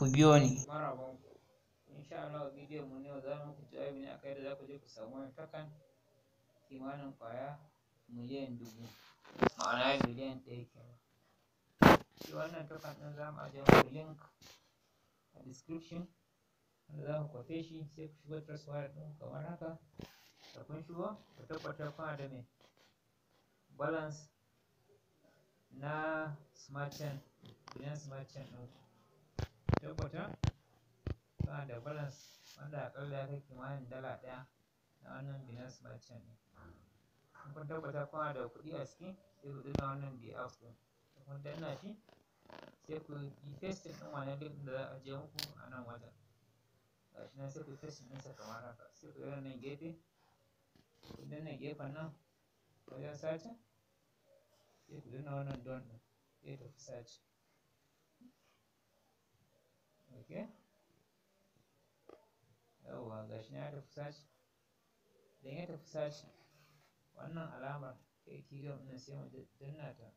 ku biyo ni. ku. mu za ku aka je ku samu wani takan kwaya miliyan wannan takan ɗin za mu a description. Za kwafe shi sai ku shigo trust wallet ɗin kamar haka. Da kun shigo ku tabbatar kuna da balance na smart chain, idan smart chain ɗin ki tabbata kana da balance wanda aƙalla ya kai kimanin dala ɗaya na wannan Binance Merchant ɗin. In kun tabbata kuna da kuɗi a ciki sai ku ɗiga wannan Binance ɗin. In kun danna shi sai ku yi pasting ɗin wannan link da za a je muku a nan wajen. Ga shi nan sai ku yi pasting ɗinsa kamar haka sai ku yi wannan gefe. Ku danna gefen nan wajen sacin sai ku danna wannan don ɗin sai tafi sacin. ok yawwa gashi na tafi sashi idan ya tafi sashi wannan alamar ta ethereum ɗin sai mu danna ta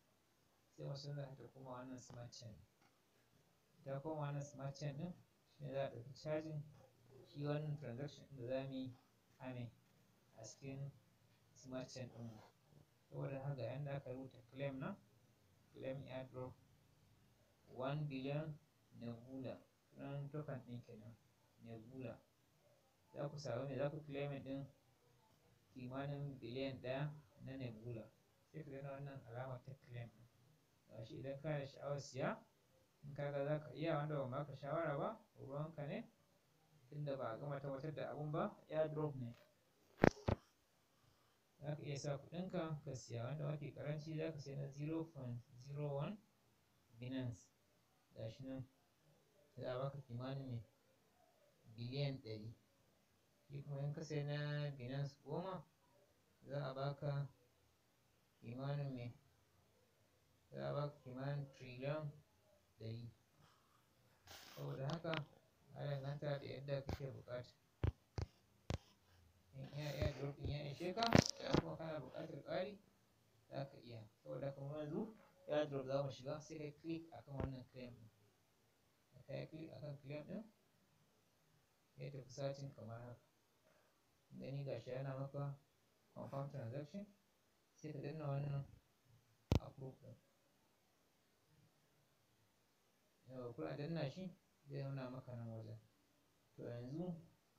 sai mu canza ta kuma wannan smart chain ta koma wannan smart chain ɗin shi za a ɗauki cajin shi wannan transaction da za mu yi a mai a cikin smart chain ɗin mu saboda haka yanda aka rubuta claim na claim airdrop 1 billion nebula nan token ɗin kenan nebula za ku samu ne za ku claim ɗin kimanin biliyan ɗaya na nebula sai ku wannan alama ta claim ga shi idan ka da sha'awar siya in ka ga za ka iya wanda ba maka shawara ba ruwanka ne tunda ba a gama tabbatar da abun ba drop ne za ka iya sa kuɗinka ka siya wanda mafi ƙaranci za ka sai na 0.01 binance ga shi nan za oh, a baka kimanin ne biliyan ɗari shi kuma in ka sai na binance goma za a baka kimanin ne za a baka kimanin triliyan ɗari saboda haka a danganta da yadda kake bukata in ya iya ɗin ya ishe ka ya kuma kana bukatar ƙari za ka iya saboda kamar yanzu ya drop za mu shiga sai kai click akan wannan claim ka yi click akan clear ɗin ya tafi satin kamar haka gani gashi yana maka confirm transaction sai ka danna wannan approve ɗin yau kuna danna shi zai nuna maka nan wajen to yanzu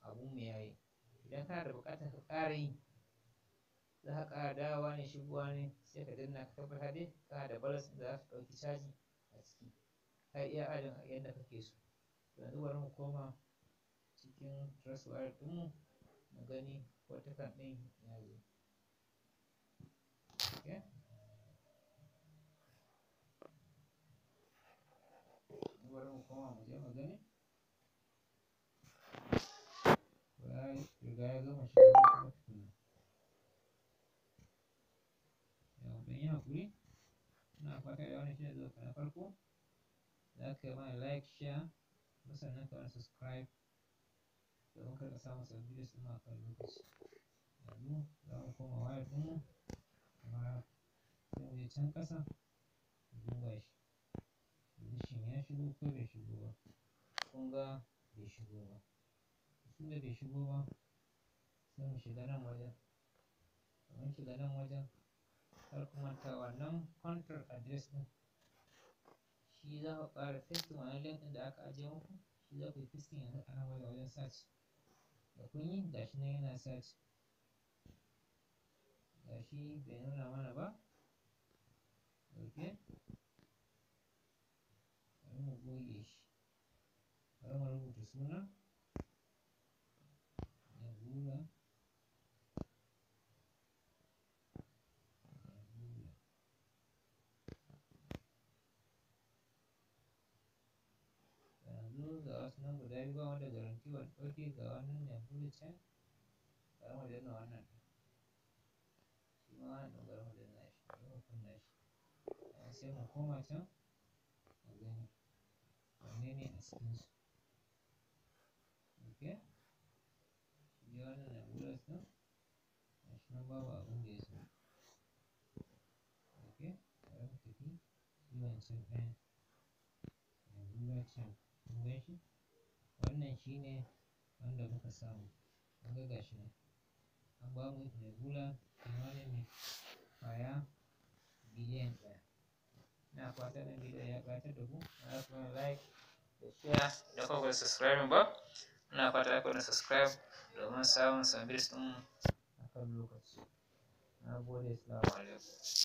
abun mu yayi idan kana da buƙatar ka ƙara yi za ka ƙara dawa ne shigowa ne sai ka danna ka tabbatar dai kana da balas da za su ɗauki caji a ciki ka iya adin yadda kake so yanzu bari mu koma cikin trustwire ɗinmu mu gani kan ɗin ya zo bari mu koma mu je mu gani riga ya gama shiga kuma tukuna yau ɗan yi haƙuri ina fata da wani shi ne zo na farko da aka yi mana like share sannan ka wani subscribe domin kar samun samu sabbin videos a kan lokaci yanzu za mu koma wayar ɗinmu kamar sai mu je can ƙasa duba shi yanzu shin ya shigo ko bai shigo ba kun ga bai shigo ba da bai shigo ba sai mu shiga nan wajen mun shiga nan wajen kar kuma manta wannan control address ɗin shi za ku ƙara festin wannan link ɗin da aka ajiye muku shi za ku yi festin yanzu a nan wajen search da kun yi ga shi nan yana search ga shi bai nuna mana ba ok bari mu goge shi bari mu rubuta suna ga nan guda biyu ba wanda garanti wani ɗauki ga wannan ya fi can bari mu danna wannan shi ma wannan ɗin bari mu danna shi bari mu sai mu koma wanne ne a cikin su ok shi dai wannan na bulas ɗin gashi nan babu abin da kun gan shi wannan shine wanda muka samu kun ga gashi nan an ba mu regular kimanin kwaya biliyan ɗaya ina fatan nan bidiyon ya ƙayatar da ku na za ku like da share da kuma subscribing ba ina fata ku na subscribe domin samun sabbin sun akan lokaci na gode salamu alaikum